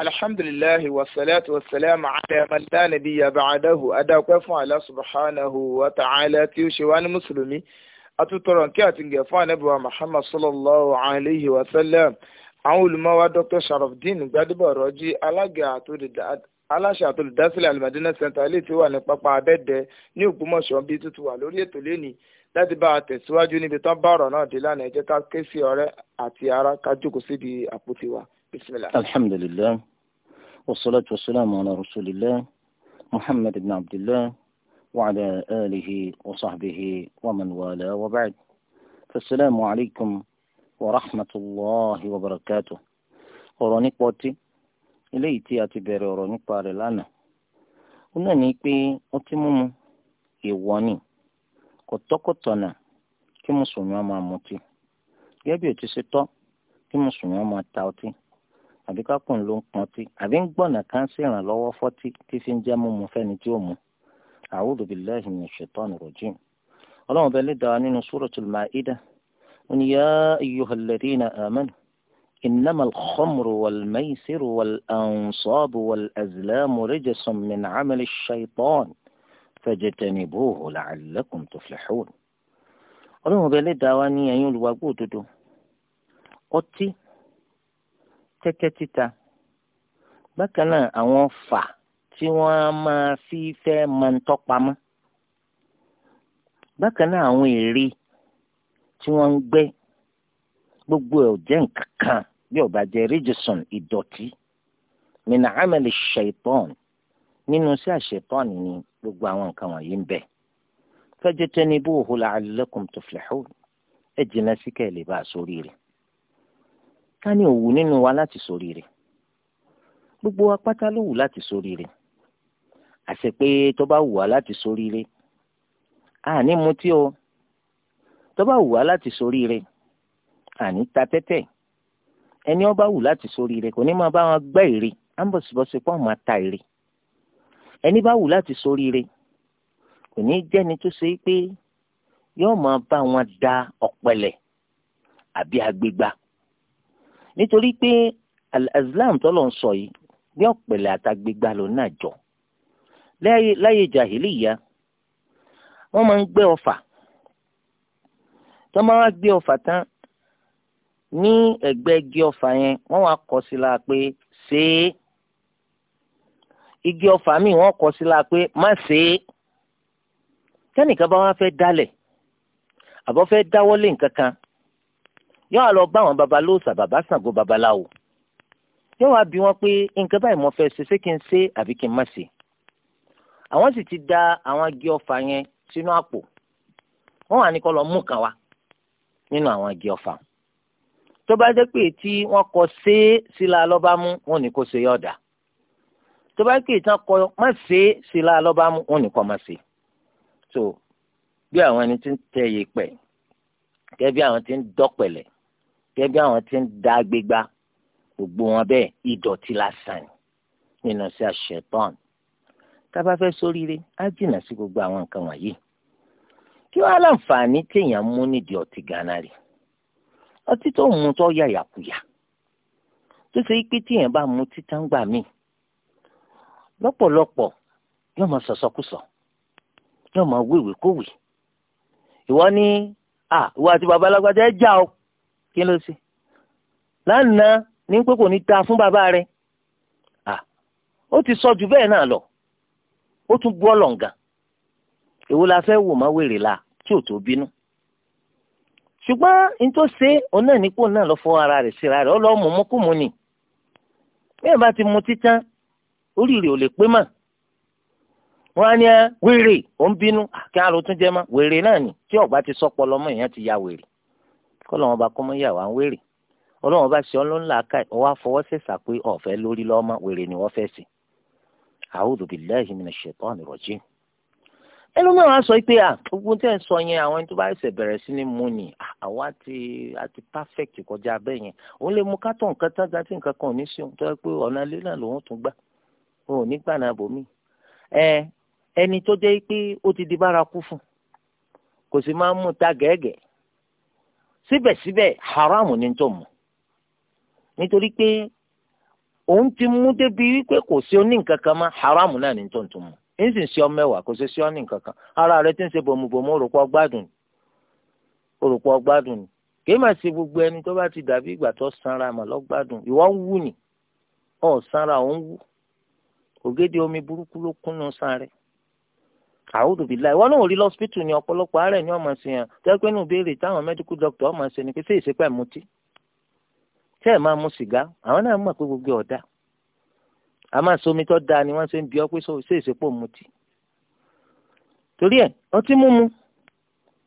alhamdulilahi wasalatu wasalamu ala man la nabiyya ba'dahu adáwọ̀pẹ́ fún Allah subhanahu wa ta'ala tí ó ṣe wá ní mùsùlùmí atútọrọ nkí àti ngẹ̀ fún anábìwá muhammad sallallahu alayhi wa sallam àwọn olùmọ̀wá dr sharafdin gbadebo rọjí alága aláṣẹ àtolùdásílẹ̀ alimadina center ilé tí ó wà ní pápá abẹ́dẹ ní ògbómọ̀ṣọ́ bí tuntun wà lórí ètò lẹ́nìí láti bá a tẹ̀síwájú níbi tán bá ọ̀rọ̀ náà dé lánàá ẹ jẹ́ ká ké sí ọ̀rẹ́ àti ará ká jókòó síbi àpótí wa. بسم الله الحمد لله والصلاة والسلام على رسول الله محمد بن عبد الله وعلى آله وصحبه ومن والاه وبعد فالسلام عليكم ورحمة الله وبركاته أورونيك بوتي إلي تياتي بيري أورونيك باري لانا وناني بي أتمم إيواني kọtọkọtọnà kí mùsùlùmí ọmọ àmọtí gẹ́gẹ́ bí ó ti ṣe tọ́ kí mùsùlùmí àbí kápọ̀n ló ń pọn tí àbí ń gbọ̀nà kan sí ìrànlọ́wọ́ fọ́tí tí fi ń jẹ́ mímu fẹ́ni tí ó mu a'udhu billahi minash shaitani rajim ọlọ́run bẹ́ẹ̀ lè dá wa nínú suratul Ma'ida ó ní ya ayyuhal ladhina amanu إنما الخمر والميسر والأنصاب والأزلام رجس من عمل الشيطان فاجتنبوه لعلكم تفلحون ọlọ́run ọbẹ̀ lẹ́dàá wa ní ẹ̀yin tẹ́tẹ́ títa bákan náà àwọn fà tí wọ́n máa fi fẹ́ máa ń tọ́pamọ́ bákan náà àwọn èrè tí wọ́n ń gbẹ́ gbogbo ẹ̀ ò jẹ́ nǹkan kan bí ó bá jẹ́ rígìsọ̀n ìdọ̀tí mina amẹ́lì ṣẹ̀tọ́n nínú sí àṣetọ́n ni gbogbo àwọn nǹkan wọ̀nyí ń bẹ. fẹ́jọ́ tẹ́ni bó o hùwà la'allakum tuflihun ẹ̀ jìnnà sí lè bá a sórí rẹ̀ ta ni òwú nínú wa láti ṣoríire gbogbo wa pátá ló wù láti ṣoríire àṣẹ pé tó bá wù wá láti ṣoríire àní mutí o tó bá wù wá láti ṣoríire àní ta tẹ́tẹ́ ẹni ó bá wù láti ṣoríire kò ní máa bá wọn gbẹ́ ère á ń máa ta ère ẹni bá wù láti ṣoríire kò ní jẹ́ni tó ṣe pé yóò máa bá wọn da ọ̀pẹ̀lẹ̀ àbí agbègbà. nítorí pé al-azlam tọ́lọ̀ ń sọ yìí bí ọ̀pẹ̀lẹ̀ àtàgbégbá ló náà jọ láyé jàhìlìyà wọ́n máa ń gbé ọfà tó máa wá gbé ọfà tán ní ẹ̀gbẹ́ igi ọfà yẹn wọ́n wá kọ sí la pé ṣe igi ọfà mi wọ́n kọ sí la pé má ṣe é kẹ́nìkan bá wá fẹ́ dálẹ̀ àbọ̀ fẹ́ dáwọ́lé nǹkan kan yóò wá lọ bá àwọn babalóòsà bàbá Ṣàngó babaláwo yóò wá bí wọn pé nǹkan báyìí mo fẹ́ ṣe ṣé kí n ṣe àbí kí n má ṣe àwọn sì ti da àwọn agi ọfà yẹn sínú àpò wọn wà ní kó lọ mú kan wá nínú àwọn agi ọfà tó bá jẹ́ pé tí wọ́n kọ ṣe é sílá lọ́ba mú wọn ní kó ṣe yọ̀dà tó bá pè tán kọ má ṣe é sílá lọ́ba mú wọn ní kó má ṣe so bí àwọn ẹni tí ń tẹ yìí pẹ̀ kẹ́ bí àwọn tí ń dọ́pẹ̀lẹ̀ gẹ́gẹ́ bí àwọn tí ń da gbégbá gbogbo wọn bẹ́ẹ̀ ìdọ̀tí lásán nínú sí àṣetán tá bá fẹ́ ṣoríire á jìnnà sí gbogbo àwọn nǹkan wọ̀nyí kí wàá láǹfààní téèyàn mú nídìí ọtí gánà rè ọtí tó mú tó yàyàkuyà tó ṣe pé téèyàn bá mu títàn gbà míì lọ́pọ̀lọpọ̀ yóò máa sọ̀sọ́kùsọ̀ yóò máa wéwèé kówèé ìwọ ní à ìwọ àti bàbá ẹ já o kí ló ṣe lánàá ní pé kò ní ta fún bàbá rẹ ó ti sọ ju bẹ́ẹ̀ náà lọ ó tún bú ọlọ́ǹgà èwo la fẹ́ wò má wèrè la tí ò tó bínú ṣùgbọ́n n tó ṣe òun náà náà lọ fọ ara rẹ̀ síra rẹ̀ ó lọ mu bá ti mu títán ò lè pé á ní wèrè ó ń bínú kí ni tí ti èèyàn ti ya wèrè kọ́lọ̀ wọn bá kọ́ mọ́ ìyàwó àwọn wèrè ọlọ́wọ́n bá ṣe ọ́ ló ń là ká ọ wá fọwọ́ ṣèṣà pé ọ̀fẹ́ lórí lọ́mọ wèrè ni wọ́n fẹ́ sí. a'udhu billahi minash shaitani rajim. ẹlòmíràn á sọ pé à gbogbo tẹ́ ń sọ yẹn àwọn ẹni tó bá ṣẹ̀ bẹ̀rẹ̀ sí ni mú ni àwa ti àti perfect kọjá bẹ́ẹ̀ yẹn òun lè mú kátó nǹkan tán gàtí nǹkan kan ò sí òun tó yẹ pé ọ̀nà ilé síbẹ̀síbẹ̀ haramu ni tó mu nítorí pé òun ti mú débi wípé kò sí oníǹkan kan mọ́ haramu náà ni tó ń tó mu ń sì ń ṣe ọmọ ẹwà kò sí sí oníǹkan kan ara rẹ ti ń ṣe bòmùbòmù òrùpọ̀ gbádùn òrùpọ̀ gbádùn ni kì í máa ṣe gbogbo ẹni tó bá ti dàbí ìgbà tó sanra mà lọ́gbádùn ìwọ ń wù ni ọ̀ sanra ò wù ògèdè omi burúkú ló kúnnú san rẹ̀ àwùjọ bìlá ìwọ náà ò rí lọ́sípítù ni ọ̀pọ̀lọpọ̀ àárẹ̀ ní ọmọ sí yẹn tẹ́ pé nù béèrè táwọn mẹ́díkù dọ́kítọ̀ ọmọ ṣe ni pé ṣé ìṣepẹ́ mutí ṣé ẹ̀ máa mu sìgá àwọn náà mọ̀ pé gbogbo ọ̀dà a máa somi tó dáa ni wọ́n ṣe ń bí ọ pé ṣé ìṣepọ̀ mutí. torí ọtí mímu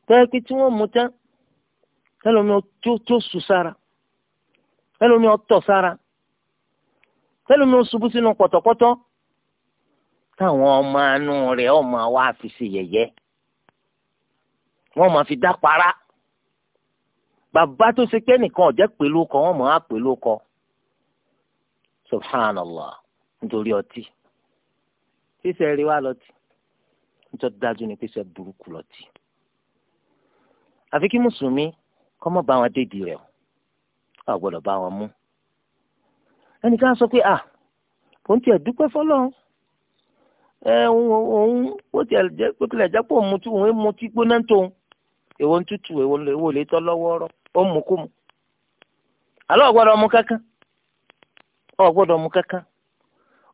tẹ́ pé tí wọ́n mu tán tó sù sára ọtọ̀ sára ó sínú pọ̀tọ̀pọ̀tọ̀ táwọn ọmọ anú rẹ̀ ọmọ wa fi ṣe yẹ̀yẹ́ wọ́n máa fi dá para bàbá tó ṣe kẹ́nìkan ọ̀jẹ́ pẹ̀lú ọkọ wọ́n máa pẹ̀lú ọkọ subhanallah nítorí ọtí ṣíṣe rí wa lọtí nítorí dájú ni pèsè burúkú lọtí àfi kí mùsùlùmí kọ́ mọ́ bá wọn dédìí rẹ̀ ọ̀ gbọ́dọ̀ bá wọn mú ẹnìkan sọ pé à kò ń tiẹ̀ dúpẹ́ fọlọ́run ẹ̀hún òun ó tilẹ̀ jẹ́ pò mutí òun mutí gbóná tó ń èwo ń tutù èwo lè tọ́ lọ́wọ́ rọ́ ó mú kó mu àlọ́ ọ̀gbọ́dọ̀ mu kankan ọ̀gbọ́dọ̀ mu kankan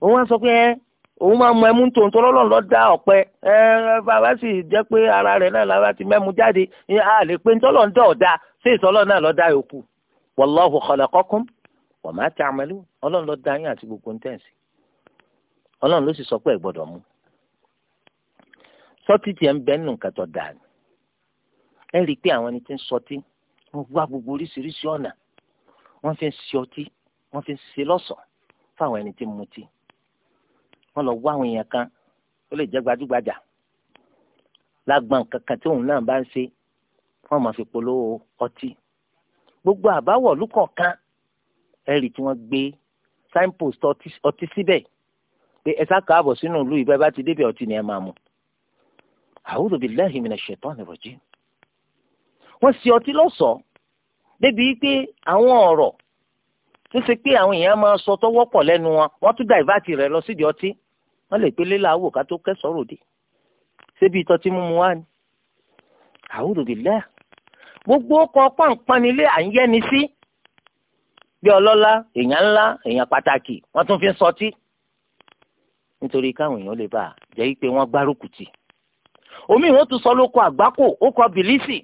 òun wá sọ pé ẹ òun máa mu ẹmu tó ń tọ́lọ́ lọ́n lọ́ da ọ̀pẹ ẹ bàbá sì jẹ́ pé ara rẹ̀ náà lára ti mẹ́mu jáde a lè pe ń tọ́lọ́ ń dọ̀ da sí ìtọ́lọ́ náà lọ́ da yòókù wallahu khalaqakum wa ma ta'malun ọlọ́run ló ọlọ́run ló sì sọ pé ẹ gbọ́dọ̀ mu sọtí tiẹ̀ ń bẹ́ẹ̀ nù kàtọ́ dà ní ẹ rí i pé àwọn ẹni tí ń sọtí wọ́n wá gbogbo oríṣiríṣi ọ̀nà wọ́n fi ń ṣe ọtí wọ́n fi ń ṣe lọ́sọ̀ọ́ fáwọn ẹni tí ń mutí wọ́n lọ wá àwọn èèyàn kan ó lè jẹ́ gbajúgbajà lágbọn kankan tí òun náà bá ń ṣe wọ́n máa fi polówó ọtí gbogbo àbáwọ̀lú kọ̀ọ̀kan ẹ̀rì tí wọ́n gbé signpost ọtí síbẹ̀ pé ẹ sá káàbọ̀ sínú ìlú ìbẹ́ bá ti débi ọtí ni ẹ máa mu a'udhu billahi minash shaitani rajim wọ́n sì ọtí lọ́sọ̀ọ́ débi pé àwọn ọ̀rọ̀ tó ṣe pé àwọn èèyàn máa sọ tó wọ́pọ̀ lẹ́nu wọn wọ́n tún dàìváàtì rẹ̀ lọ sídìí ọtí wọ́n lè pélé làwò ká tó kẹ́sọ̀rọ̀ dé ṣébi ìtọ́ tí mímu wá ni a'udhu billah gbogbo ọkọ̀ pọ̀npọ̀nilé à ń yẹ́ni sí bí ọlọ́lá èèyàn ńlá èèyàn pàtàkì wọ́n tún fi ń sọtí nítorí káwọn èèyàn lè bá a jẹ́ pé wọ́n gbárùkù omi ìwọ́n tún sọ lóko àgbákò ó kọ bìlísì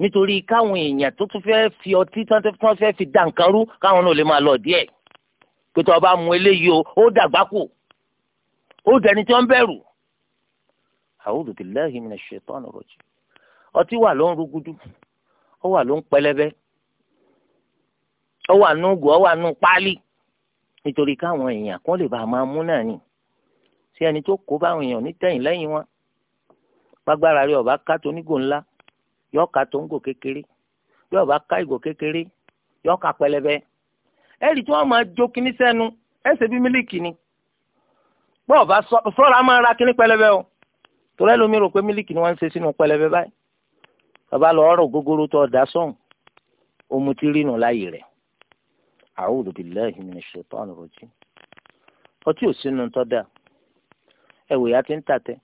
nítorí káwọn èèyàn tó tún fẹ́ẹ́ fi ọtí tí wọ́n fẹ́ẹ́ fi dà nǹkan rú káwọn náà lè máa lọ díẹ̀ pé tó o bá mu eléyìí o ó dàgbákò ó dẹni tí wọ́n bẹ̀rù. a'udhu billahi minash shaitani rajim ọtí wà ló ń rúgudu ó wà ló ń pẹlẹbẹ ó wà nùgù ó wà nù páálí nítorí káwọn èèyàn kó lè bàa máa mú náà ni ṣé ẹni tó kó báwọn èèyàn nítẹ̀yìn lẹ́yìn wọn gbágbára rẹ ọba ká tó nígò ńlá yọ ká tó ń gò kékeré yọ ọba ká ìgò kékeré yọ ká pẹlẹbẹ ẹ̀rí tí wọ́n máa jó kíní sẹ́nu ẹsẹ̀ bí mílíkì ni bọ́ ọba sọ́ra máa ra kíní pẹlẹbẹ o torí ẹlòmí rò pé mílíkì ni wọ́n ń ṣe sínú pẹlẹbẹ báyìí bàbá lọ ọ̀rọ̀ gógóró tó ọ̀dà sọ̀hún òmùtí rínú láyè rẹ̀ a'udhu billahi minash shaitani rajim ọtí ò sínú tọ́dà ẹ̀wòyà ti ń tàtẹ́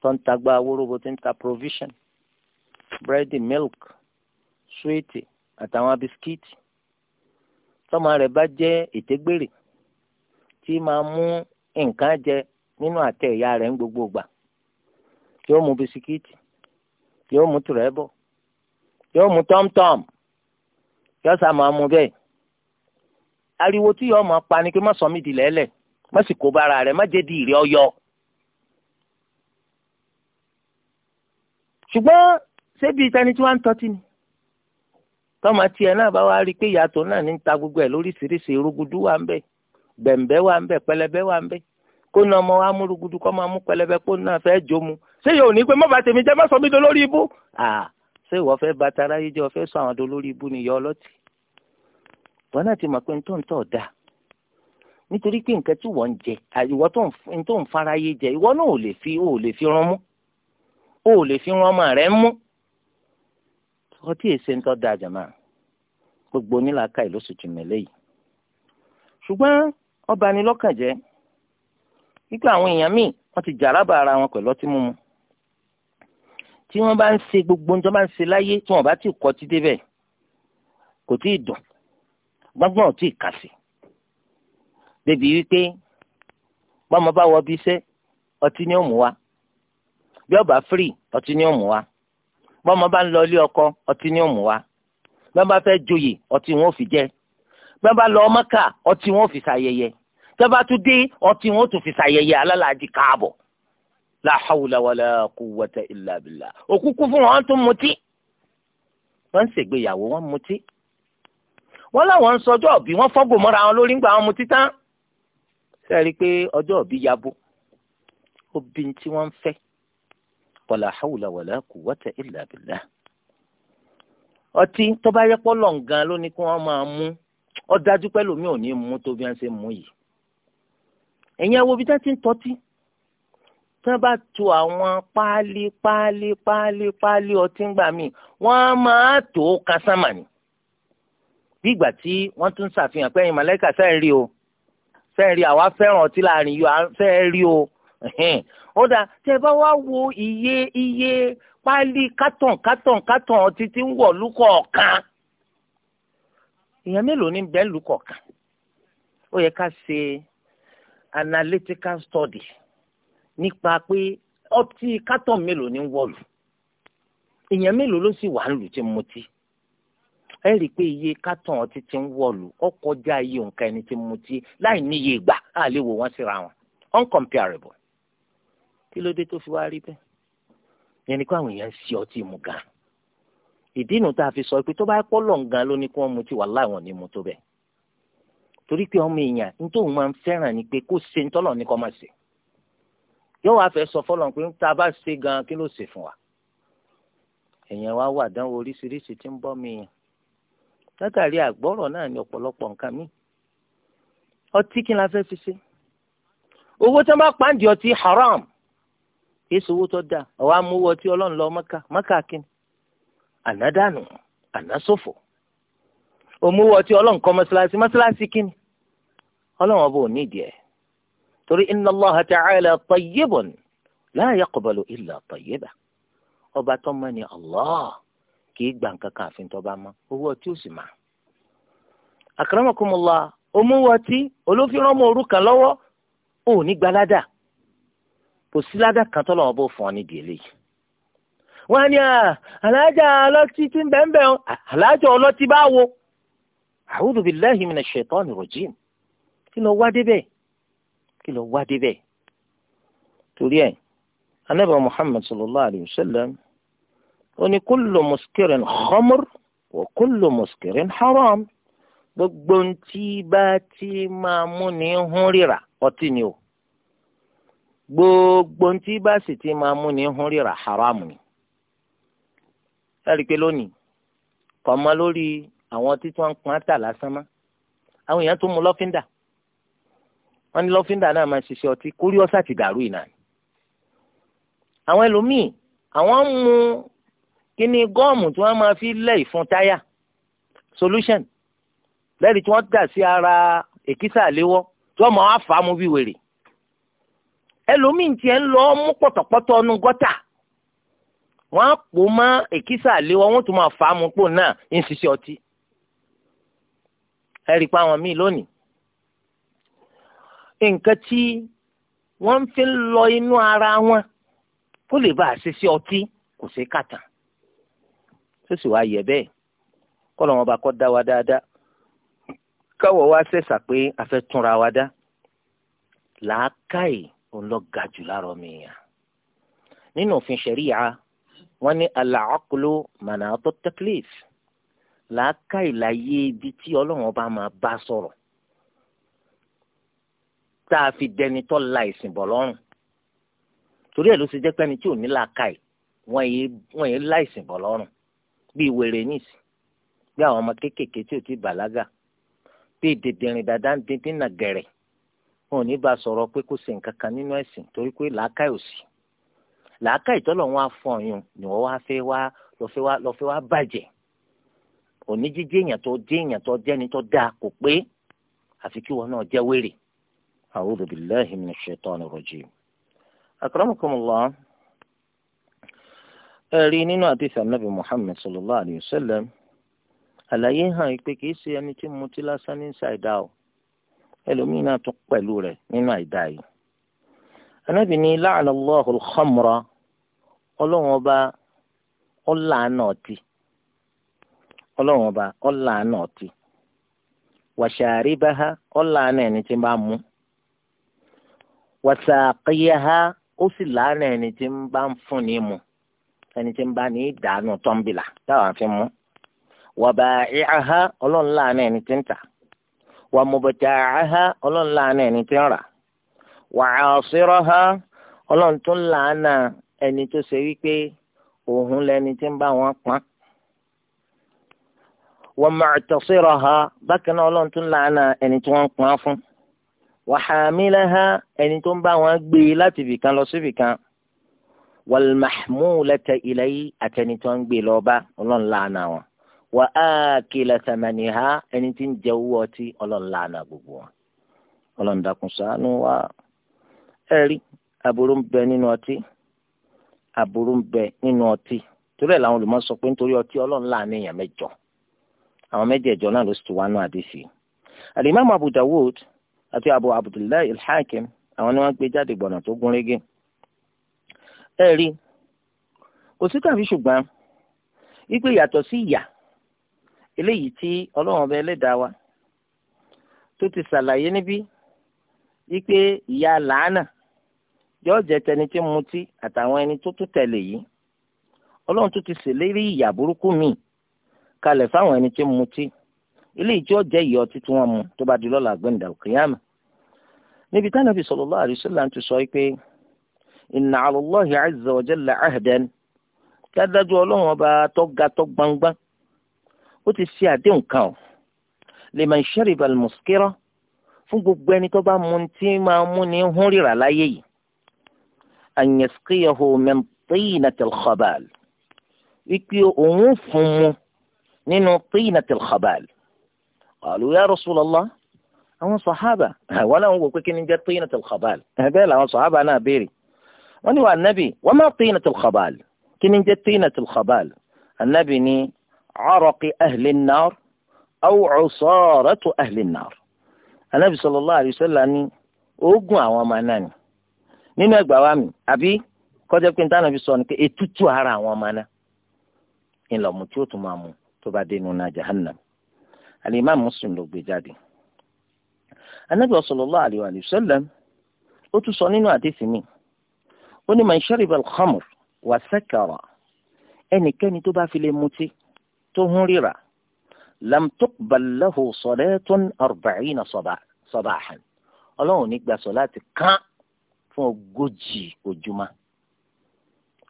tó ń tagbá awóróbo ti ń ta provision búrẹ́dì milk suwéètì àtàwọn bisikíìtì tọ́mọ rẹ̀ bá jẹ́ ètégbèrè tí máa mú nǹkan jẹ nínú àtẹ ìyá rẹ̀ ń gbogbo gbà yóò mú bisikíìtì yóò mú tùrẹ́bọ̀ yóò mú tọ́mtọ́m yóò sá máa mú bẹ́ẹ̀ ariwo tí yọ ọmọ pa ni pé má sọ mí di lẹ́lẹ̀ má sì kó bára rẹ̀ má jẹ́ di ìrẹ́ ọyọ. ṣùgbọ́n ṣébi ìtẹni tí wọ́n ń tọ́tí ni tọ́mọ tiẹ̀ náà bá wá rí i pé ìyàtọ̀ náà ní ta gbogbo ẹ̀ lóríṣiríṣi rúgudu wà ń bẹ̀ bẹ̀m̀bẹ̀ wà ń bẹ̀ pẹlẹbẹ wà ń bẹ̀ kó na ọmọ wa mú rúgudu kọ́ máa mú pẹlẹbẹ kó náà fẹ́ jó mu ṣé yóò ní pé má tèmi jẹ́ má sọ mí dolórí ibú ṣé ìwọ fẹ́ bàtà aráyé jẹ́ ọ fẹ́ sọ àwọn dolórí ibú ni ìyá ọlọ́tì wọn náà ti mọ̀ pé nítorí tó ń da nítorí pé nǹkan tí wọ́n ń jẹ ìwọ tó ń farayé jẹ ìwọ náà ò lè fi ò lè fi rán mú ò lè fi rán ọmọ rẹ mú ọtí èsè ń da jàmá gbogbo onílàákà ìlú sùtù mẹ́lẹ́ yìí ṣùgbọ́n ọba ni lọ́kàn jẹ́ wípé àwọn èèyàn míì wọ́n ti jàrábà ara wọn pẹ̀lú ọtí mímu tí wọ́n bá ń ṣe gbogbo ohun tó bá ń ṣe láyé tí wọ́n bá ti kọ́ ti débẹ̀ kò tí ì dùn gbọ́ngbọ́n ò tí ì kà sí. débi wípé bọ́mọ bá wọ bí iṣẹ́ ọtí ni ó mú wa bí ọba free ọtí ni ó mú wa bọ́mọ bá ń lọ ilé ọkọ ọtí ni ó mú wa bí wọ́n bá fẹ́ joyè ọtí wọn ò fi jẹ bí wọ́n bá lọ Mẹ́kà ọtí wọn ò fi ṣàyẹyẹ tí wọ́n bá tún dé ọtí wọn ò tún fi ṣàyẹyẹ alálàájì káàbọ̀ la hawla wala quwwata illa billah òkúkú fún wọn tún mutí wọ́n wọ́n láwọn ń sọjọ́ ọ̀bí wọ́n fọ́gò mọ́ra wọn lórí ńgbà wọn mu títán sẹ́ẹ̀rí pé ọjọ́ ọ̀bí yabo obìnrin tí wọ́n ń fẹ́ wàlà hàwùlà wàlà quwwata illa billah ọtí tó bá yẹ pọ́lọ̀ nǹkan ló ní kí wọ́n máa mú ọ dájú pẹ́ lómi ò ní mú tó bí wọ́n ṣe mú yìí ẹ̀yin ẹ̀wọ́ bí wọ́n ń tọ́tí tí wọ́n bá to àwọn páálí páálí páálí páálí ọtí ńgbà míì wọ́n máa tó kásámà ni bí ìgbà tí wọ́n tún ṣàfihàn pé ẹ̀yin mọ̀lẹ́kà fẹ́ẹ́ rí o fẹ́ẹ́ rí àwa fẹ́ràn ọtí láàrin yóò fẹ́ẹ́ rí o ó dà tẹ́ bá wá wo iye iye páálí kátàn kátàn kátàn ọtí tí ń wọ̀ lúkọ̀ ọ̀kan èèyàn mélòó ní bẹ́ẹ̀ lúkọ̀ ọ̀kan ó yẹ ká ṣe analytical study nípa pé ọtí kátàn mélòó ní wọ̀lù èèyàn mélòó ló sì wà ń lù tí mo ti ẹ rí i pé iye kátàn ọtí ti ń wọ̀lú ó kọjá iye nǹkan ẹni tí mu ti láì níye ìgbà á lè wò wọ́n síra wọn uncomparable kí ló dé tó fi wá rí bẹ́ẹ̀ yẹn ni pé àwọn èèyàn ń ṣe ọtí mu gan ìdí inú tá a fi sọ pé tó bá pọ́ lọ̀ gan ló ní kí wọ́n mu ti wà láwọn ní mu tó bẹ́ẹ̀ torí pé ọmọ èèyàn ní tóun máa ń fẹ́ràn ni pé kó ṣe ń tọ́lọ̀ ní kọ́ máa ṣe yóò wá fẹ́ sọ fọlọ́n pé tá a bá ṣe gan kí ló ṣe fún wa èèyàn wá wà dánwò oríṣiríṣi tí ń bọ́ mi yàn látàrí àgbọ́rọ̀ náà ní ọ̀pọ̀lọpọ̀ nǹkan mi ọtí kí la fẹ́ fi ṣe owó tí wọ́n bá pàǹdì ọtí haram kì í ṣe owó tó dáa ọ̀wá mú owó ọtí ọlọ́run lọ mọ́kà mọ́kà kíni ànádànù ànásòfò òmùwọ ọtí ọlọ́run kọ́ mọ́ṣáláṣí mọ́ṣáláṣí kíni ọlọ́run ọba ò ní ìdí ẹ̀ torí inna Allaha ta'ala tayyibun la yaqbalu illa tayyiba ọba tó mọ́ ni Allah kì í gbà nǹkan kan àfin tó bá mọ́ owó ọtí ò sì mà. akramakumullah omówó ọtí olófin rọmọ orúkà lọ́wọ́ ò ní gbalada kò sí ládà kan tọ́lọ́wọ́ bó fún ọ nídìí eléyìí wọ́n ní alájà ọlọ́tí ti ń bẹ́ẹ̀ bẹ́ẹ̀ alájà ọlọ́tí bá wo. a'udhu billahi minash shaitani rajim kí ló wá débẹ̀ kí ló wá débẹ̀. torí ẹ̀ anábà muhammad sallallahu alayhi wa sallam ó ní kullu muskirin khamr wa kullu muskirin haram gbogbo ntí bá ti máa múni hún ríra ọtí ni o gbogbo ntí bá sì ti máa múni hún ríra haram ni ẹ rí i pé lónìí kọ̀ lórí àwọn tí wọ́n pọn átà lásán mọ́ àwọn èèyàn tó mu lọ́fíńdà wọ́n ní lọ́fíńdà náà máa ṣiṣẹ́ ọtí kórí ọ̀sà ti dàrú ìnáni àwọn ẹlòmíì àwọn ń kí ni gọ́ọ̀mù tí wọ́n máa fi lẹ̀ ìfun táyà solution lẹ́rìí tí wọ́n dà sí ara èkísà léwọ́ tí wọ́n máa wá fà á mú bí wèrè ẹlòmíì tiẹ̀ ń lọ mú pọ̀tọ̀pọ̀tọ̀ nu gọ́tà wọ́n á pò mọ́ èkísà léwọ́ wọ́n tún máa fà á mú pò náà ń ṣiṣẹ́ ọtí ẹ̀rì pa àwọn míì lónìí nǹkan tí wọ́n fi ń lọ inú ara wọn kó lè bá a ṣe sí ọtí kò ṣeé kàtàn tó sì wáá yẹ bẹ́ẹ̀ kọ́ lọ́wọ́n bá kọ́ dá wa dáadáa káwọ̀ wá sẹ̀sà pé a fẹ́ túnra wa dá làákàyè òun lọ ga jù lára ọmọ èèyàn nínú òfin ṣẹ̀ríyà wọ́n ní al-aqlu manatu taklif làákàyè láyé ibi tí ọlọ́run ọba máa bá sọ̀rọ̀ tá a fi dẹni tọ́ la ìsìn bọ̀ lọ́rùn torí ẹ̀ ló ṣe jẹ́ pẹ́ni tí ò ní làákàyè wọ́n yé láìsìn bọ̀ lọ́rùn bíi wèrè nìsí bí àwọn ọmọ kéékèèké tí ò ti bàlágà bíi dèdèrìn dàda ń dín dínà gẹ̀rẹ̀ wọn ò ní bá a sọ̀rọ̀ pé kò nínú ẹ̀sìn torí pé làákàyè ò sí làákàyè tọ́lọ̀ wọn á ọyún ni wọ́n wá fẹ́ wá lọ́fẹ́ wá lọ́fẹ́ wá bàjẹ́ òní jíjẹ́ èèyàn tó jẹ́ èèyàn tó tó dáa kò pé àfi kí náà jẹ́ ẹ rí nínú àdìsí anábì Muhammad sallallahu alayhi wa sallam àlàyé hàn pé kì í ṣe ẹni tí mo ti lásán ní ṣàìdá o ẹlòmíì náà tún pẹ̀lú rẹ̀ nínú àìdá yìí. anábì ní la'ana Allahu al ọlọ́run ọba ọ̀làánà ọtí ọlọ́run ọba ọ̀làánà ọtí wàṣàríbáhá ọ̀làánà ẹni tí ń bá mú wàṣàkíyáhá ẹni tí ń bá ní ìdáná tọ́ḿbìlà táwọn fi mú wa ba'i'aha ọlọ́run láàánú ẹni tí ń tà wa mubta'aha ọlọ́run láàánú ẹni tí ń rà wa 'asiraha ọlọ́run tún láàánú ẹni tó ṣe wípé òun lẹni tí ń bá wọn pọ́n wa mu'tasiraha bákan náà ọlọ́run tún ẹni tí wọ́n fún ẹni tó ń bá wọn gbé láti wàlmàḥmúlẹ̀tẹ̀ ilẹ̀ yìí àtẹni tó ń gbé lọ́ba ọlọ́nlànà wọn wà á kìlẹ̀ sàmàní ha ẹni tí ń jẹ owó ọtí ọlọ́nlànà gbogbo wọn. ọlọ́ndàkùn ṣàánú wa ẹ̀rí aburú ń bẹ nínú ọtí aburú ń bẹ nínú ọtí torí ẹ̀ làwọn olùmọ̀ sọ pé nítorí ọtí ọlọ́nlànà èèyàn mẹ́jọ àwọn mẹ́jẹ̀ẹ̀jọ náà ló sì ti wá nù àdìsí. alimami abu àti abu abdullahi alhakim àwọn ni wọ́n gbé jáde gbọ̀nà tó gún régé ẹ rí kò sí tàbí ṣùgbọ́n wípé yàtọ̀ sí ìyà eléyìí tí ọlọ́run ọba ẹlẹ́dàá wa tó ti ṣàlàyé níbí wípé ìyà làánà yóò jẹ tẹni tí mutí àtàwọn ẹni tó tó tẹ̀lé yìí ọlọ́run tó ti ṣèlérí ìyà burúkú míì kalẹ̀ fáwọn ẹni tí mutí eléyìí tí ó jẹ́ ìyà ọtí tí wọ́n mu tó bá di lọ́la gbẹ̀ǹdà òkèèyàn níbi táwọn ẹbí sallallahu alaihi ti sọ wípé. inna ala Allahi azza wa jalla ahdan dájú ọlọ́run ọba tọ́ga tọ́ gbangba ó ti ṣe àdéhùn kan ọ́ liman shariba al-muskira fún gbogbo ẹni tó bá mu tí máa mú ní hún rírà láyé yìí an yasqiyahu min tinatil khabal wípé òun fún mu nínú tinatil khabal qalu ya rasulallah àwọn sàhábà àwọn làwọn wò pé kí ni jẹ́ tinatil khabal bẹ́ẹ̀ làwọn sàhábà náà béèrè wọ́n ní wa anabi wọ́n máa tí ìnàtò xabal kí ni jẹ́ tí ìnàtò xabal anabi ni arọ́kì ahli nar aw cusaratu ahli nar anabi sallallahu alayhi wa sallam ni oògùn àwọn ọmọ náà ni nínú ẹgbàá wa mi àbí kọjá pé níta nàbí sọ ni pé ara àwọn ọmọ náà ńlọ mu tí ó tún máa mu tó bá dé nínú jahannam alimami muslim ló gbé jáde anabi sallallahu alayhi wa sallam ó tún sọ nínú àdéhùn mi ó ní man shariba al-khamr wa sakara ẹnikẹ́ni tó bá fi lè mutí tó hún ríra lam tuqbal lahu salatun arba'ina sabahan ọlọ́run ní gba sọ̀láàtì kan fún ogójì ojúmọ́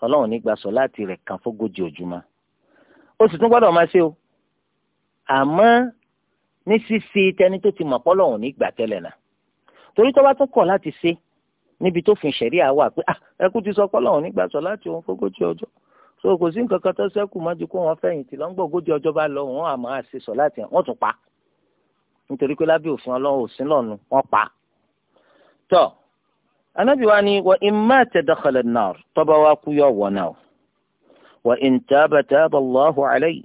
ọlọ́run ní gba sọ̀láàtì rẹ̀ kan fún ogójì ojúmọ́ ó sì tún gbọ́dọ̀ máa ṣe o àmọ́ ní ṣíṣe tẹni tó ti mọ̀ pọ́lọ́run ní gbà náà torí tó bá tún kọ̀ láti ṣe níbi tó fin ṣẹ̀ríà wà pé ah, ẹkú ti sọ pọ́lọ́hún nígbà sọ láti òun fógójì ọjọ́ so kò sí nǹkan kan tó sẹ́kù má ju kó wọn fẹ̀yìntì lọ́ngbọ̀n ogójì ọjọ́ bá lọ wọn àmọ́ àṣẹ sọ láti wọn tún pa nítorí pé lábẹ́ òfin ọlọ́run òsín lọ́nu wọn pa. tọ́ anábì wa ni wọ́n imá tẹ̀dọ̀kọ̀lẹ̀ náà tọ́ba wa kú yọ wọ̀ náà wọ́n ìntàbà tàbà lọ́hùn alẹ́ yìí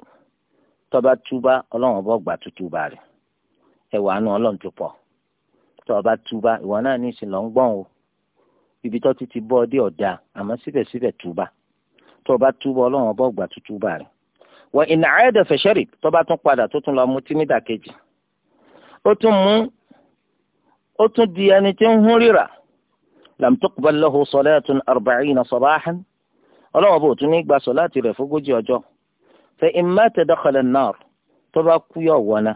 tọ́ba túbá ọlọ́run bọ́ gbà tútù bá rẹ̀ ẹ̀wà náà ọlọ́run tó pọ̀ tọ́ba túbá ìwọ náà ní ìsìn lọ́ o ibi tó ti ti bọ́ ọ dé ọ̀dà àmọ́ síbẹ̀síbẹ̀ túbà tó o bá túbọ̀ ọlọ́run ọba ògbà tó túbà rẹ̀ wọ ìnà àyẹ̀dẹ̀ fẹ̀ṣẹ̀rì tó bá tún padà tó tún lọ mu tí nídà kejì ó tún mú ó tún di ẹni tí ń hún ríra lam tuqbal lahu salatun arba'ina sabahan ọlọ́run ọba ò tún ní gba sọ̀láàtì rẹ̀ fógójì ọjọ́ fa in mata dakhala an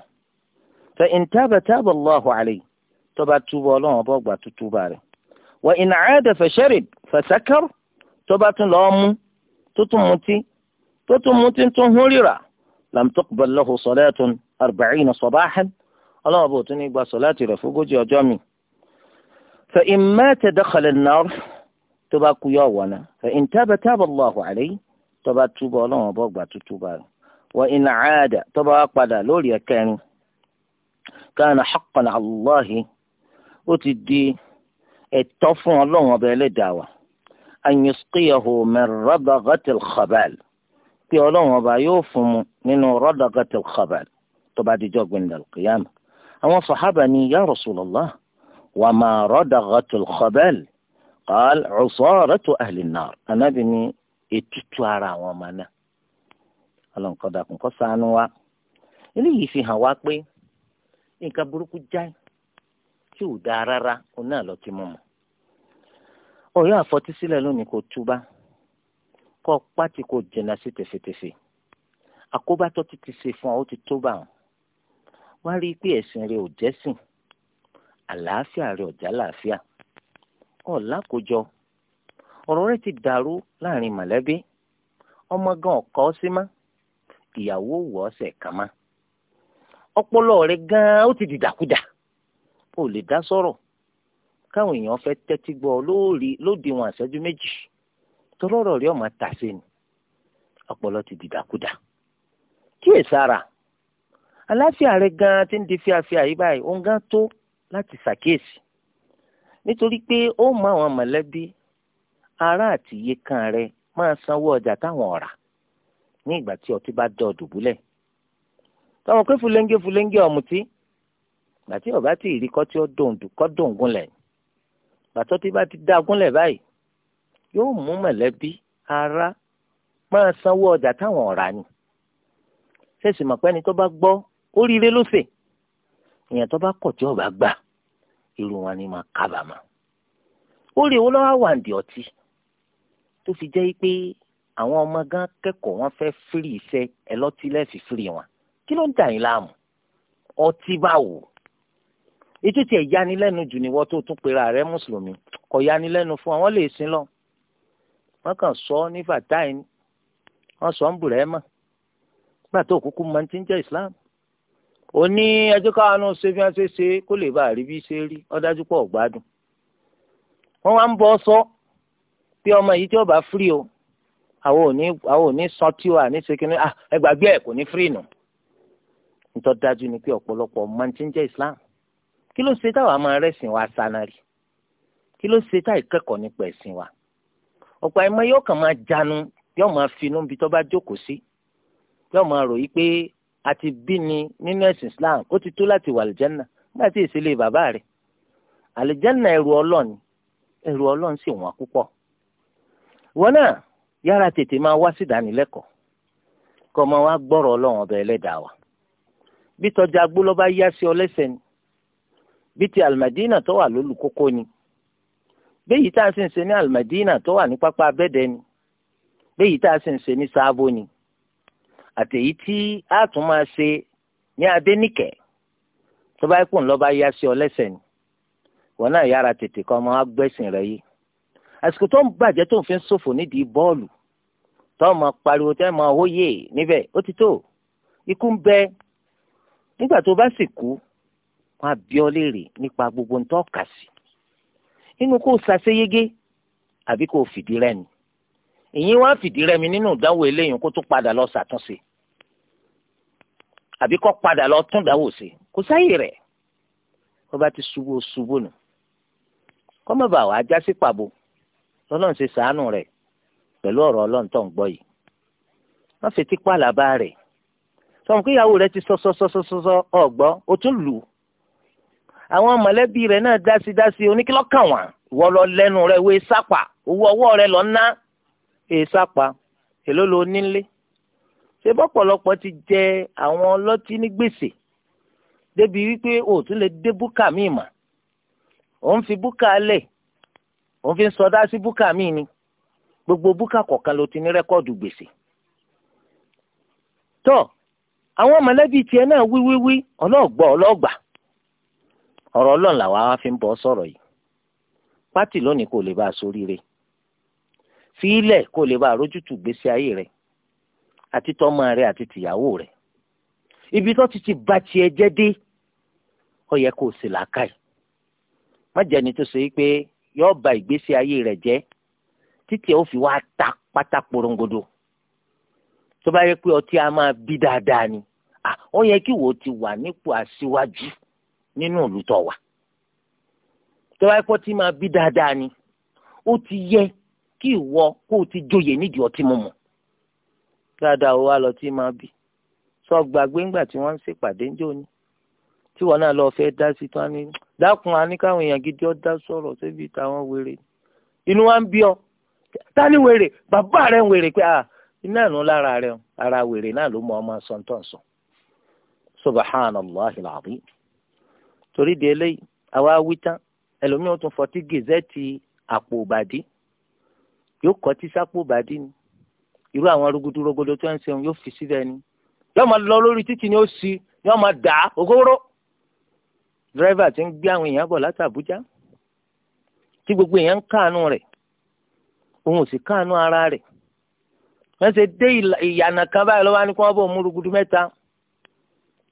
wà ìnà àádẹ fẹsẹrìd fẹsẹkẹr tó bá tún lọọ mú tó tún mutí tó tún mutí tún hún ríra lam tuqbal lahu salatun arba'ina sabahan ọlọ́wọ́ bò tún ní gba sọ̀láàtì rẹ̀ fógójì ọjọ́ mi. fa in mata dakhala an-nar tó bá kú yọ wọ̀nà fa in taba taba Allahu alayhi tó bá túbọ̀ ọlọ́wọ́ bọ̀ gbà tútù wa in aada tó bá wá padà lórí kana haqqan ala Allahi ti di ẹ̀tọ́ fún ọlọ́run ọba ẹlẹ́dàá wa anyisikiyahu min radagatil khabal pé ọlọ́run ọba yóò fún mu nínú radagatil khabal tó bá dijọ́ gbẹ̀ndàl kìyàmù àwọn sàhábà ni ya rasulallah wa ma radagatil khabal qaal cusaaratu ahli naar anabi ni ètùtù ara àwọn ọmọ náà ọlọ́run kọ́ dàkún kọ́ ṣàánú wa eléyìí fi hàn wá pé nǹkan burúkú jáì tí ò dáa rárá òun náà lọ ti mú mu ọ̀rẹ́ àfọtísílẹ̀ lónìí kò túbá kọ́ pátì kò jìnnà sí tẹ̀fẹ̀tẹ̀fẹ̀ àkóbá tó ti ti ṣe fún ọ ó ti tó bá wọn wá rí i pé ẹ̀sìn rẹ ò jẹ́sìn àlàáfíà rẹ ò já làáfíà ọ̀ lákòjọ ọ̀rọ̀ rẹ ti dàrú láàrin mọ̀lẹ́bí ọmọ gan ọ̀kọ́ ọ sí má ìyàwó wọ̀ ọ́ sẹ̀ kà ọpọlọ rẹ gan ó ti dìdàkudà ó lè dá sọ̀rọ̀ káwọn èèyàn fẹ́ tẹ́tí gbọ́ lóòrí lódiwọ̀n àṣẹ́jú méjì tọ́lọ́rọ̀ rí ọ̀mà tàṣe ni ọpọlọ ti dìdàkudà kíyè sára aláfíà rẹ gan ti ń di fíafíà yìí báyìí òun gan tó láti ṣàkíyèsí nítorí pé ó mọ àwọn mọ̀lẹ́bí ará àti iye kan rẹ máa sanwó ọjà táwọn ọ̀rà ní ìgbà tí ọtí bá dọ̀ dùbúlẹ̀ táwọn pé fúlẹ́ńgé fúlẹ́ńgé ọ̀mùtí gbàtí ọ̀bá tí ìrí tí ó dòǹdù kọ́ dòǹgùn lẹ́yìn bàtọ́ tí bá ti dá gúnlẹ̀ báyìí yóò mú mọ̀lẹ́bí ara máa sanwó ọjà táwọn ọ̀rà ni ṣèṣì mọ̀ pé tó bá gbọ́ oríire ló fẹ́ èèyàn tó bá kọ̀ tí ọba gbà irú wọn ni máa kábàámọ̀ ó rí owó lọ́wọ́ wà ní ọtí tó fi jẹ́ pé àwọn ọmọ gan kẹ́kọ̀ọ́ wọn fẹ́ fírì iṣẹ́ ẹlọ́tí lẹ́sìn fírì wọn kí ló ń dà yín láàmú ọtí bá wò ó ètò tí ẹ̀ yanilẹ́nu jù ni wọ́n tó tún pera rẹ̀ mùsùlùmí kò yanilẹ́nu fún àwọn lè sin lọ wọ́n kàn sọ ní fatai ni wọ́n sọ ń bùrẹ́ mọ́ nígbà tó kúkú máa ti ń jẹ́ Islam ó ní ẹjọ́ káwọn náà ṣe fi hàn ṣe ṣe kó lè bá àríbí ṣe rí ọ̀dájú pọ̀ gbádùn wọ́n wá ń bọ́ sọ pé ọmọ yìí tí ó bá firi o àwọn ò ní sọ tí o àní ṣe kínní ah, ẹgbàgbé ẹ kò ní firi nù nítorí dájú ni pé ọ̀pọ̀lọpọ̀ máa ti ń jẹ́ Islam kí ló ṣe táwa máa rẹ́sìn wa sanari kí ló ṣe táì kẹ́kọ̀ọ́ nípa ẹ̀sìn wa ọ̀pọ̀ àìmọ̀ yóò kàn máa janu yóò máa finú bí tó bá jókòó sí yóò máa rò pé a ti bí ni nínú ẹ̀sìn Islam ó ti tó láti wà àlìjánà nígbà tí ìsílé bàbá rẹ̀ àlìjánà ẹrù ọlọ́ọ̀ni ẹrù ọlọ́ọ̀ni sì wọ́n púpọ̀ wọn náà yára tètè máa wá sí ìdánilẹ́kọ̀ọ́ kọ́ máa bí tọ́jà agbó lọ́ yá sí ọ lẹ́sẹ̀ ni bí ti alimadina tó wà lólùkókó ni béyìí tá a sì ń ṣe ní alimadina tó wà ní pápá abẹ́dẹ ni béyìí tá a sì ń ṣe ní sáàbò ni àtẹ̀yí tí a tún máa ṣe ní adẹ́nìkẹ́ tó bá kùn lọ́ba yá sí ọ lẹ́sẹ̀ ni wọn náà yára tètè kọ́ ọmọ agbẹ́sìn rẹ yìí àsìkò tó ń bàjẹ́ tó ń fi ń ṣòfò nídìí bọ́ọ̀lù tó máa pariwo tẹ́ máa hóyè níbẹ̀ ó ti tó ikú ń bẹ nígbà tó bá sì kú wọn á bi ọ́ léèrè nípa gbogbo ń tọ́ kà sí nínú kó o àbí kó o fìdí rẹmi ìyín wá fìdí rẹmi nínú ìdánwò eléyìí kó tó padà lọ ṣàtúnṣe àbí kó padà lọ tún ìdánwò ṣe kò sáyè rẹ̀ kó bá ti ṣubú ṣubú nù kó má bàa wà á já sí pàbó lọ́lọ́run ṣe sàánù rẹ̀ pẹ̀lú ọ̀rọ̀ ọlọ́run tó ń gbọ́ yìí wọ́n fi tipa làbá rẹ̀ sọ̀rọ̀ kí ìyàwó rẹ̀ ti sọ́sọ́sọ́sọ́sọ́ ọ̀gbọ́ ó tún lù ú àwọn mọ̀lẹ́bí rẹ̀ náà dásí dásí oníkìlọ́ kàn wá ìwọ lọ lẹ́nu rẹ̀ wé sápà owó ọwọ́ rẹ̀ lọ ná èè sápà èló lo nílé ṣé bọ́pọ̀lọpọ̀ ti jẹ àwọn ọlọ́tí ní gbèsè débi wípé o tún lè dé búkà míì mà òun fi búkà lẹ̀ òun fi ń sọdá sí búkà míì ni gbogbo búkà kọ̀ọ̀kan ló ti ní rẹ́kọ́ọ̀dù gbèsè tọ́ àwọn mọ̀lẹ́bí tiẹ̀ náà wíwíwí ọlọ́ọ̀gbọ́ ọlọ́ọ̀gbà ọ̀rọ̀ ọlọ́run làwa wá fi ń bọ́ sọ̀rọ̀ yìí pátì lónìí kò lè bá a soríire fílẹ̀ kò lè bá a rójútù gbèsè ayé rẹ̀ àti tọ́mọ rẹ̀ àti tìyàwó rẹ̀ ibi tó ti ti ba tiẹ̀ jẹ́ dé ó yẹ kó o sì làákàyè má jẹ́ni tó ṣe pé yóò ba ìgbésí ayé rẹ̀ jẹ́ títí ó fi wá ta pátá porongodo tó bá yẹ pé ọtí a máa bí dáadáa ni ó yẹ kí wo ti wà nípò aṣíwájú nínú ìlú tó tọ́wá ẹ̀kọ́ tí máa bí dáadáa ni ó ti yẹ kí ìwọ kó o ti joyè nídìí ọtí mímu dáadáa ó wá lọ tí máa bí sọ gbàgbé ńgbà tí wọ́n ń ṣèpàdé ńjọ́ ni tí wọn náà lọ fẹ́ dá sí tán ni dákun àníkàwọn èèyàn gidi ọ dá sọ̀rọ̀ síbi táwọn wèrè inú wa ń bí ọ tani wèrè bàbá rẹ ń wèrè pé à iná ìnú lára rẹ ara wèrè náà ló mọ ọmọ sọńtọ̀ sọ subhanallah alazim torí di eléyìí àwa wí tán ẹlòmíràn tún fọtí gèzẹ́ẹ̀tì àpò òbàdí yóò kọ́ tí sápò òbàdí ni irú àwọn rúgudu rogodo tó ń sẹ́wọ̀n yóò fi síbẹ̀ ni yóò máa lọ lórí títì ni ó sì yóò máa dà á ògóró dírẹ́fà ti ń gbé àwọn èèyàn bọ̀ láti Àbújá tí gbogbo èèyàn ń káàánú rẹ̀ òun ò sì káàánú ara rẹ̀ wọ́n ṣe dé ìyànà kan báyìí lọ́wọ́ á ní kí wọ́n bọ̀ mú rúgudu mẹ́ta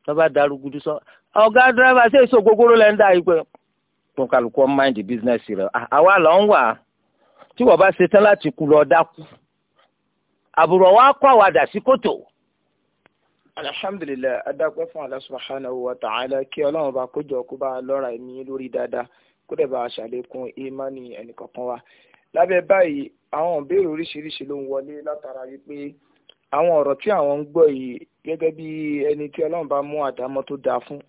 lọ́ba da rúgudu sọ ọ̀gá dírẹ́fà ṣe èso gbogbooro lẹ́ ń dá yìí pé tó kálukú ọ́ mind business rẹ̀ àwa lọ ń wà tí wọ́n bá ṣe tán láti kú lọ dákú àbúrò wa kọ́ àwàdà sí kòtò. alhamdulilayi adakun fún Allah subhanahu wa ta'ala kí ọlọ́run bá kójọ kó bá lọ́ra ẹ̀mí lórí dáadáa kó dẹ̀ bá a ṣàlékún ìmánì ẹnìkọ̀ọ̀kan wa lábẹ́ báyìí àwọn ìbéèrè oríṣiríṣi ló ń wọlé látara wípé àwọn ọ̀rọ̀ tí àwọn ń gbọ́ yìí gẹ́gẹ́ bí ẹni tí ọlọ́run bá mú àdámọ́ tó dáa fún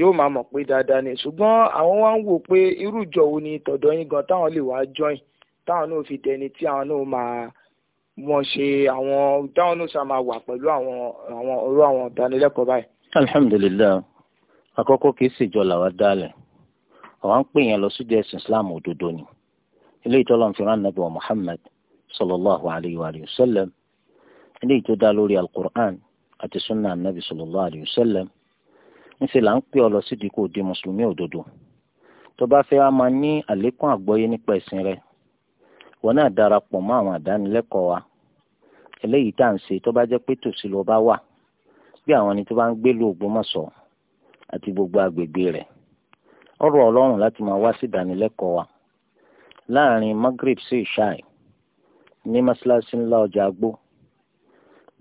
yóò máa mọ̀ pé dáadáa ni ṣùgbọ́n àwọn wá ń wò pé irú ìjọ wo ni tọ̀dọ̀ yín gan táwọn lè wá join táwọn náà fi dẹni tí àwọn náà máa wọn ṣe àwọn táwọn náà ṣáà máa wà pẹ̀lú àwọn àwọn ọ̀rọ̀ àwọn ìdánilẹ́kọ̀ọ́ báyìí. alhamdulilayi àkọ́kọ́ kì ṣèjọ làwa dálẹ̀ àwọn ń pè yẹn lọ sí dẹ́sìn islam òdodo ni ilé ìtọ́lọ́n fi rán nàbí wa sallallahu alayhi wa sallam ilé ìtọ́ dá lórí alukur'an àti sunnah nàbí sallallahu alayhi wa sallam ńṣe là ń pè ọ lọ sídìí kò di mùsùlùmí òdodo tó bá fẹ́ wá máa ní àlékún àgbọ́yé nípa ẹ̀sìn rẹ wọn náà darapọ̀ mọ́ àwọn àdánilẹ́kọ̀ọ́ wa eléyìí tá à ń ṣe tó bá jẹ́ pé tòsí ló bá wà bí àwọn ẹni tó bá ń gbé lu Ògbómọ̀ṣọ́ àti gbogbo agbègbè rẹ̀ ọ̀rọ̀ Ọlọ́run láti máa wá sí ìdánilẹ́kọ̀ọ́ wa láàrin Maghrib sí ìṣáì ní mọ́ṣáláṣí ńlá ọjà àgbò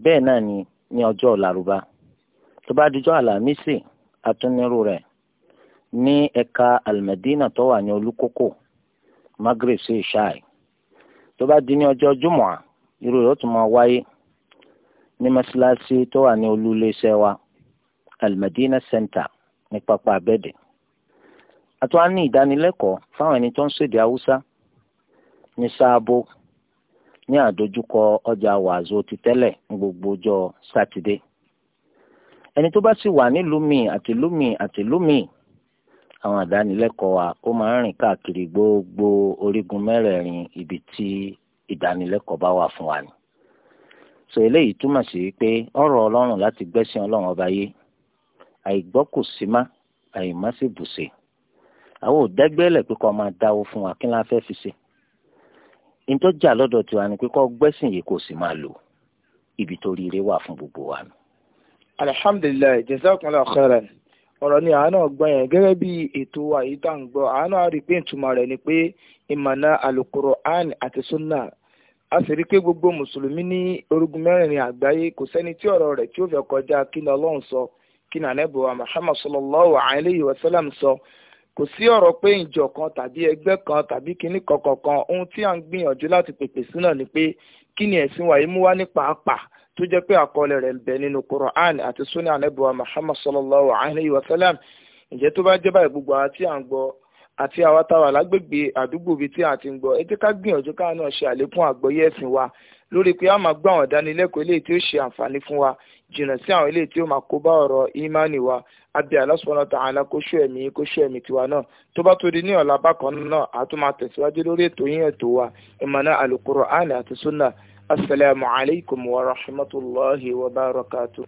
bẹ́ẹ̀ náà ni ní ọjọ́ Lárúbá tó bá dijọ́ Àlàmísì atúnirú rẹ̀ ní ẹka almadina tó wà ní olúkókò magreth sí ìṣáì tó bá di ní ọjọ́ jùmọ̀à irú rẹ̀ ó tún máa wáyé ní mọ́ṣáláṣí tó wà ní olú wa almadina center ní pápá abẹ́dẹ̀ àtúwá ní ìdánilẹ́kọ̀ọ́ fáwọn ẹni tó ń ṣèdè haúsá ní sáàbò ní àdójúkọ ọjà wàzó ti tẹ́lẹ̀ ní gbogbo ọjọ́ sátidé ẹni tó bá sì wà nílùú mi àtìlú mi àtìlú mi àwọn àdánilẹ́kọ̀ọ́ wa ó máa ń rìn káàkiri gbogbo orígun mẹ́rẹ̀ẹ̀rin ibi tí ìdánilẹ́kọ̀ọ́ bá wà fún wa ni. sọ eléyìí túmọ̀ sí pé ọ̀rọ̀ ọlọ́run láti gbẹ́sìn ọlọ́run ọba yé àìgbọ́ kò sí má àìmọ́ sì bùṣe àwọn òdẹ́gbẹ́lẹ̀ pé kó máa dáwó fún wa kí la fẹ́ fi ṣe. ìtọ́jà lọ́dọ̀ tiwa ni pé kó gbẹ́sìn yìí kò sì máa lò ibi tó rí ire wà fún gbogbo wa ni alhamdulilayi jazakumullahu khairan ọ̀rọ̀ ni àánú ọgbọ́n yẹn gẹ́gẹ́ bí ètò àyíká ń gbọ́ àánú àrípé ìtumọ̀ rẹ̀ ni pé ìmọ̀nà alukur'an àti sunna a sì rí i pé gbogbo mùsùlùmí ní orúgun mẹ́rìnrin àgbáyé kò sẹ́ni tí ọ̀rọ̀ rẹ̀ tí ó fẹ́ kọjá kí ni ọlọ́run sọ kí ni ànẹ́bùwà muhammad sallallahu alayhi wa sallam sọ kò sí ọ̀rọ̀ pé ìjọ kan tàbí ẹgbẹ́ kan tàbí kinní kankan kan ohun tí à ń gbìyànjú láti pèpè sí ni pé kí ni ẹ̀sìn wàyí mú wá ní pàápàá tó jẹ́ pé àkọọ́lẹ̀ rẹ̀ ń bẹ nínú Quran àti sunni anabiwa Muhammad sallallahu alayhi wa sallam ǹjẹ́ tó bá jẹ́ báyìí gbogbo àwa tí à ń gbọ́ àti àwa táwa lágbègbè àdúgbò bíi tí à ti ń gbọ́ ẹ jẹ́ ká gbìyànjú káà náà ṣe àlékún àgbọ́yé ẹ̀sìn wa lórí pé a máa gbọ́ àwọn ìdánilẹ́kọ̀ọ́ eléyìí tí ó ṣe àǹfààní fún wa jìnnà sí àwọn eléyìí tí ó máa kó bá ọ̀rọ̀ ìmánì wa àbí Allah subhanahu wa ẹ̀mí kó ẹ̀mí tiwa náà tó bá tó ní ọ̀la bákan náà a máa tẹ̀síwájú lórí ètò yín ètò wa ìmọ̀nà al asalaamualeykum wa rahmatulahi wa barakatu.